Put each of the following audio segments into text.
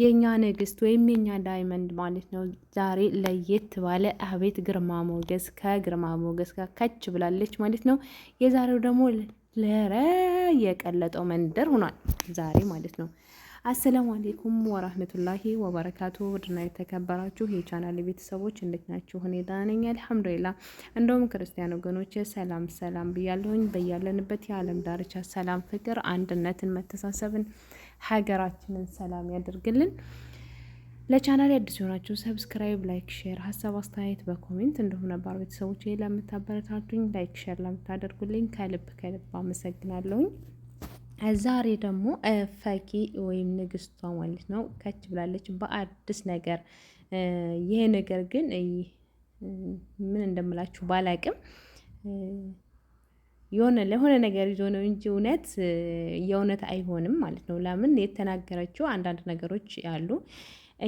የእኛ ንግስት ወይም የኛ ዳይመንድ ማለት ነው። ዛሬ ለየት ባለ አቤት ግርማ ሞገስ ከግርማ ሞገስ ጋር ከች ብላለች ማለት ነው። የዛሬው ደግሞ ለረ የቀለጠው መንደር ሆኗል ዛሬ ማለት ነው። አሰላሙ አሌይኩም ወራህመቱላሂ ወበረካቱ ውድና የተከበራችሁ የቻናል ቤተሰቦች እንዴት ናችሁ? እኔ ደህና ነኝ አልሐምዱሊላ። እንደውም ክርስቲያን ወገኖች ሰላም ሰላም ብያለሁኝ። በያለንበት የዓለም ዳርቻ ሰላም፣ ፍቅር፣ አንድነትን መተሳሰብን ሀገራችንን ሰላም ያደርግልን። ለቻናል አዲስ የሆናችሁ ሰብስክራይብ፣ ላይክ፣ ሼር፣ ሀሳብ አስተያየት በኮሜንት እንዲሁም ነባር ቤተሰቦች ለምታበረታቱኝ ላይክ፣ ሼር ለምታደርጉልኝ ከልብ ከልብ አመሰግናለሁኝ። ዛሬ ደግሞ ፈኪ ወይም ንግስቷ ማለት ነው ከች ብላለች በአዲስ ነገር። ይሄ ነገር ግን ምን እንደምላችሁ ባላቅም የሆነ ለሆነ ነገር ይዞ ነው እንጂ እውነት የእውነት አይሆንም ማለት ነው። ለምን የተናገረችው አንዳንድ ነገሮች አሉ።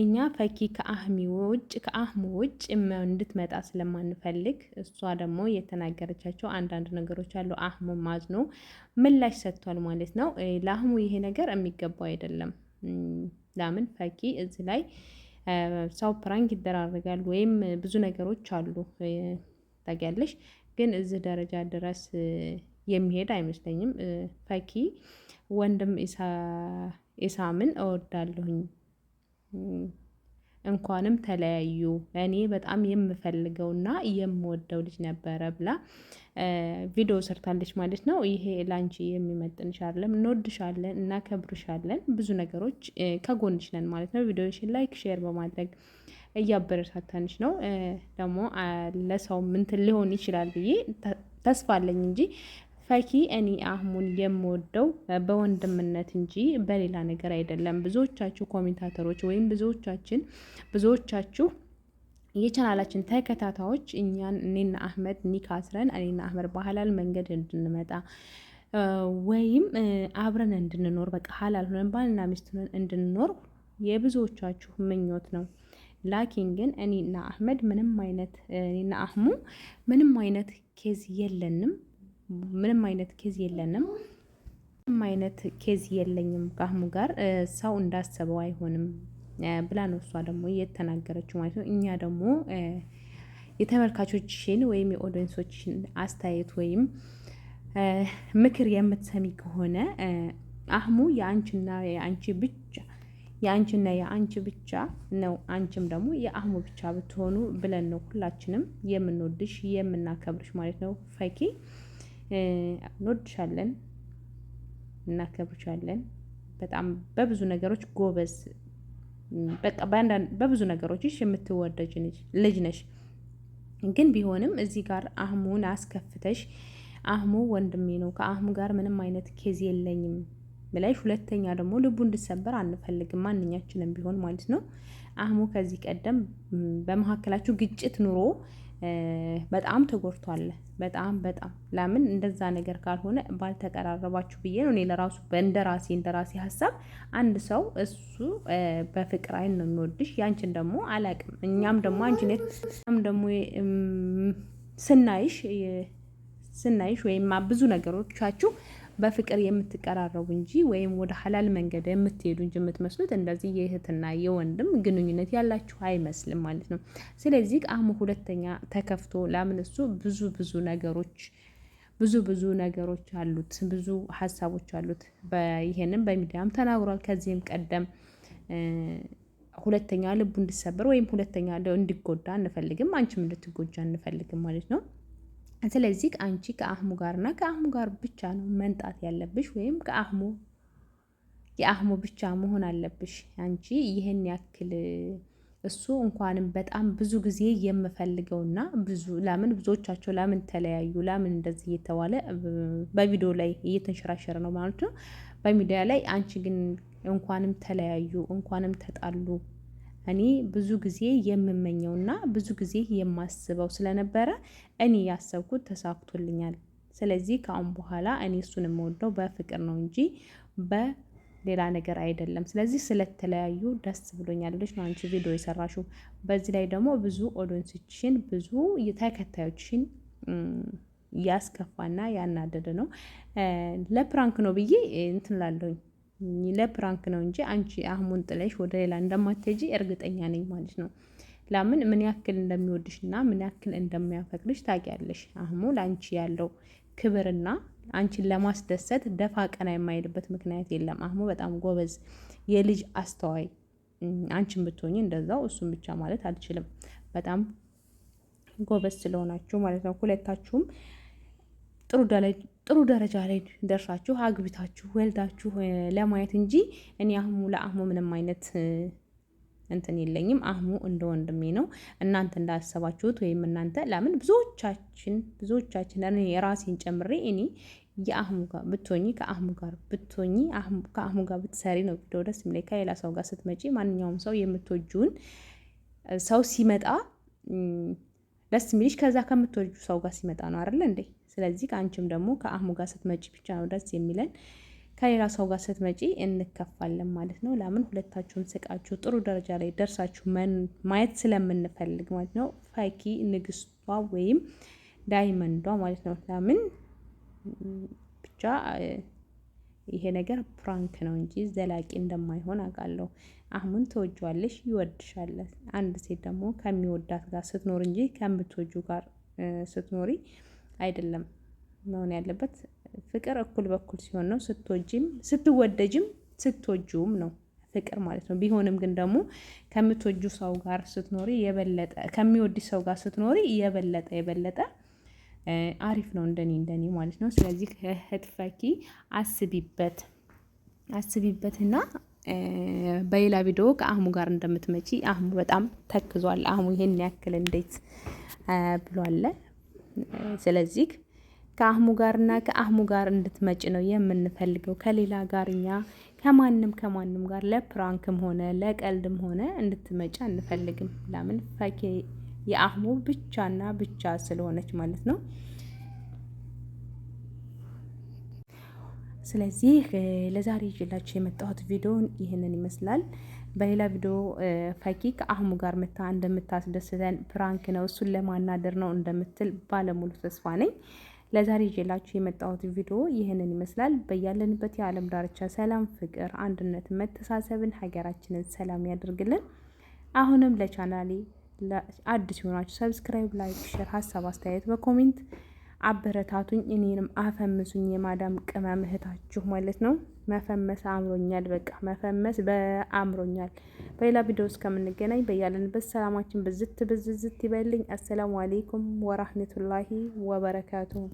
እኛ ፈኪ ከአህሚ ውጭ ከአህሙ ውጭ እንድትመጣ ስለማንፈልግ እሷ ደግሞ የተናገረቻቸው አንዳንድ ነገሮች አሉ። አህሙ ማዝኖ ምላሽ ሰጥቷል ማለት ነው። ለአህሙ ይሄ ነገር የሚገባው አይደለም። ለምን ፈኪ እዚህ ላይ ሰው ፕራንክ ይደራረጋሉ ወይም ብዙ ነገሮች አሉ ታውቂያለሽ። ግን እዚህ ደረጃ ድረስ የሚሄድ አይመስለኝም። ፈኪ ወንድም ኢሳምን እወዳለሁኝ እንኳንም ተለያዩ እኔ በጣም የምፈልገውና የምወደው ልጅ ነበረ ብላ ቪዲዮ ሰርታለች ማለት ነው። ይሄ ላንቺ የሚመጥንሽ አይደለም፣ እንወድሻለን፣ እናከብርሻለን፣ ብዙ ነገሮች ከጎንሽ ነን ማለት ነው። ቪዲዮሽን ላይክ ሼር በማድረግ እያበረታታንሽ ነው። ደግሞ ለሰው ምንት ሊሆን ይችላል ብዬ ተስፋ አለኝ እንጂ ፈኪ እኔ አህሙን የምወደው በወንድምነት እንጂ በሌላ ነገር አይደለም። ብዙዎቻችሁ ኮሜንታተሮች ወይም ብዙዎቻችን ብዙዎቻችሁ የቻናላችን ተከታታዮች እኛን እኔና አህመድ ኒካስረን እኔና አህመድ ባህላል መንገድ እንድንመጣ ወይም አብረን እንድንኖር በቃ ሀላል ሆነን ባልና ሚስት ሆነን እንድንኖር የብዙዎቻችሁ ምኞት ነው። ላኪን ግን እኔና አህመድ ምንም አይነት እኔና አህሙ ምንም አይነት ኬዝ የለንም። ምንም አይነት ኬዝ የለንም። ምንም አይነት ኬዝ የለኝም ከአህሙ ጋር ሰው እንዳሰበው አይሆንም ብላ ነው እሷ ደግሞ እየተናገረችው ማለት ነው። እኛ ደግሞ የተመልካቾችን ወይም የኦዲየንሶችን አስተያየት ወይም ምክር የምትሰሚ ከሆነ አህሙ የአንቺና የአንቺ ብቻ የአንቺና የአንቺ ብቻ ነው፣ አንቺም ደግሞ የአህሙ ብቻ ብትሆኑ ብለን ነው ሁላችንም የምንወድሽ የምናከብርሽ ማለት ነው። ፈኪ እንወድሻለን፣ እናከብርሻለን። በጣም በብዙ ነገሮች ጎበዝ፣ በቃ በብዙ ነገሮች የምትወደጅ ልጅ ነሽ። ግን ቢሆንም እዚህ ጋር አህሙን አስከፍተሽ አህሙ ወንድሜ ነው፣ ከአህሙ ጋር ምንም አይነት ኬዝ የለኝም ብላሽ፣ ሁለተኛ ደግሞ ልቡ እንድሰበር አንፈልግም፣ ማንኛችንም ቢሆን ማለት ነው። አህሙ ከዚህ ቀደም በመካከላችሁ ግጭት ኑሮ በጣም ተጎድቷል። በጣም በጣም ለምን እንደዛ ነገር ካልሆነ ባልተቀራረባችሁ ብዬ ነው እኔ ለራሱ እንደራሴ እንደራሴ ሀሳብ አንድ ሰው እሱ በፍቅር አይን ነው የሚወድሽ ያንቺን ደግሞ አላቅም። እኛም ደግሞ አንቺን እኛም ደግሞ ስናይሽ ስናይሽ ወይም ብዙ ነገሮቻችሁ በፍቅር የምትቀራረቡ እንጂ ወይም ወደ ሀላል መንገድ የምትሄዱ እንጂ የምትመስሉት እንደዚህ የእህትና የወንድም ግንኙነት ያላችሁ አይመስልም ማለት ነው። ስለዚህ ቃሙ ሁለተኛ ተከፍቶ እሱ ብዙ ብዙ ነገሮች ብዙ ብዙ ነገሮች አሉት፣ ብዙ ሀሳቦች አሉት። ይሄንም በሚዲያም ተናግሯል። ከዚህም ቀደም ሁለተኛ ልቡ እንዲሰበር ወይም ሁለተኛ እንዲጎዳ አንፈልግም፣ አንቺም እንድትጎጃ አንፈልግም ማለት ነው። ስለዚህ አንቺ ከአህሙ ጋርና ከአህሙ ጋር ብቻ ነው መንጣት ያለብሽ ወይም ከአህሙ የአህሙ ብቻ መሆን አለብሽ። አንቺ ይህን ያክል እሱ እንኳንም በጣም ብዙ ጊዜ የምፈልገውና ብዙ ለምን ብዙዎቻቸው ለምን ተለያዩ ለምን እንደዚህ እየተባለ በቪዲዮ ላይ እየተንሸራሸረ ነው ማለት ነው በሚዲያ ላይ። አንቺ ግን እንኳንም ተለያዩ እንኳንም ተጣሉ እኔ ብዙ ጊዜ የምመኘውና ብዙ ጊዜ የማስበው ስለነበረ እኔ ያሰብኩት ተሳክቶልኛል። ስለዚህ ከአሁን በኋላ እኔ እሱን የምወደው በፍቅር ነው እንጂ በሌላ ነገር አይደለም። ስለዚህ ስለተለያዩ ደስ ብሎኛል ብለሽ ነው አንቺ ቪዲዮ የሰራሽው። በዚህ ላይ ደግሞ ብዙ ኦዲየንሶችሽን ብዙ ተከታዮችን ያስከፋና ያናደደ ነው። ለፕራንክ ነው ብዬ እንትን ላለሁኝ ለፕራንክ ነው እንጂ አንቺ አህሙን ጥለሽ ወደ ሌላ እንደማትሄጂ እርግጠኛ ነኝ ማለት ነው። ለምን ምን ያክል እንደሚወድሽ እና ምን ያክል እንደሚያፈቅድሽ ታውቂያለሽ። አህሙ ለአንቺ ያለው ክብርና አንቺን ለማስደሰት ደፋ ቀና የማይሄድበት ምክንያት የለም። አህሙ በጣም ጎበዝ የልጅ አስተዋይ፣ አንቺን ብትሆኝ እንደዛው እሱን ብቻ ማለት አልችልም። በጣም ጎበዝ ስለሆናችሁ ማለት ነው ሁለታችሁም ጥሩ ጥሩ ደረጃ ላይ ደርሳችሁ አግብታችሁ ወልዳችሁ ለማየት እንጂ እኔ አህሙ ለአህሙ ምንም አይነት እንትን የለኝም። አህሙ እንደ ወንድሜ ነው። እናንተ እንዳሰባችሁት ወይም እናንተ ለምን ብዙዎቻችን ብዙዎቻችን እኔ የራሴን ጨምሬ እኔ የአህሙ ጋር ብትሆኚ ከአህሙ ጋር ብትሆኚ ከአህሙ ጋር ብትሰሪ ነው ቪዲዮ ደስ የሚለኝ። ከሌላ ሰው ጋር ስትመጪ ማንኛውም ሰው የምትወጂውን ሰው ሲመጣ ደስ የሚልሽ ከዛ ከምትወጂው ሰው ጋር ሲመጣ ነው አይደለ እንዴ? ስለዚህ ከአንቺም ደግሞ ከአህሙ ጋር ስትመጪ ብቻ ነው ደስ የሚለን። ከሌላ ሰው ጋር ስትመጪ እንከፋለን ማለት ነው። ለምን ሁለታችሁን ስቃችሁ ጥሩ ደረጃ ላይ ደርሳችሁ ማየት ስለምንፈልግ ማለት ነው። ፈኪ ንግስቷ ወይም ዳይመንዷ ማለት ነው። ለምን ብቻ ይሄ ነገር ፕራንክ ነው እንጂ ዘላቂ እንደማይሆን አውቃለሁ። አህሙን ትወጇዋለሽ፣ ይወድሻል። አንድ ሴት ደግሞ ከሚወዳት ጋር ስትኖር እንጂ ከምትወጁ ጋር ስትኖሪ አይደለም መሆን ያለበት። ፍቅር እኩል በኩል ሲሆን ነው። ስትወጂም ስትወደጅም ስትወጁም ነው ፍቅር ማለት ነው። ቢሆንም ግን ደግሞ ከምትወጁ ሰው ጋር ስትኖሪ የበለጠ ከሚወድ ሰው ጋር ስትኖሪ የበለጠ የበለጠ አሪፍ ነው፣ እንደኔ እንደኔ ማለት ነው። ስለዚህ ህትፈኪ አስቢበት አስቢበትና በሌላ ቪዲዮ ከአህሙ ጋር እንደምትመጪ አህሙ በጣም ተክዟል። አህሙ ይሄን ያክል እንዴት ብሏለ ስለዚህ ከአህሙ ጋርና ከአህሙ ጋር እንድትመጭ ነው የምንፈልገው። ከሌላ ጋር እኛ ከማንም ከማንም ጋር ለፕራንክም ሆነ ለቀልድም ሆነ እንድትመጭ አንፈልግም። ለምን ፈኬ የአህሙ ብቻና ብቻ ስለሆነች ማለት ነው። ስለዚህ ለዛሬ ይዤላችሁ የመጣሁት ቪዲዮን ይህንን ይመስላል። በሌላ ቪዲዮ ፈኪ ከአህሙ ጋር መታ እንደምታስደስተን ፕራንክ ነው እሱን ለማናደር ነው እንደምትል ባለሙሉ ተስፋ ነኝ። ለዛሬ ይዤላችሁ የመጣሁት ቪዲዮ ይህንን ይመስላል። በያለንበት የዓለም ዳርቻ ሰላም፣ ፍቅር፣ አንድነት፣ መተሳሰብን ሀገራችንን ሰላም ያደርግልን። አሁንም ለቻናሌ አዲስ የሆናችሁ ሰብስክራይብ፣ ላይክ፣ ሼር፣ ሀሳብ አስተያየት በኮሜንት አበረታቱኝ፣ እኔንም አፈምሱኝ። የማዳም ቅመም እህታችሁ ማለት ነው። መፈመስ አምሮኛል፣ በቃ መፈመስ በአምሮኛል። በሌላ ቪዲዮ እስከምንገናኝ በያለንበት ሰላማችን ብዝት ብዝዝት ይበልኝ። አሰላሙ አሌይኩም ወራህመቱላሂ ወበረካቱሁ።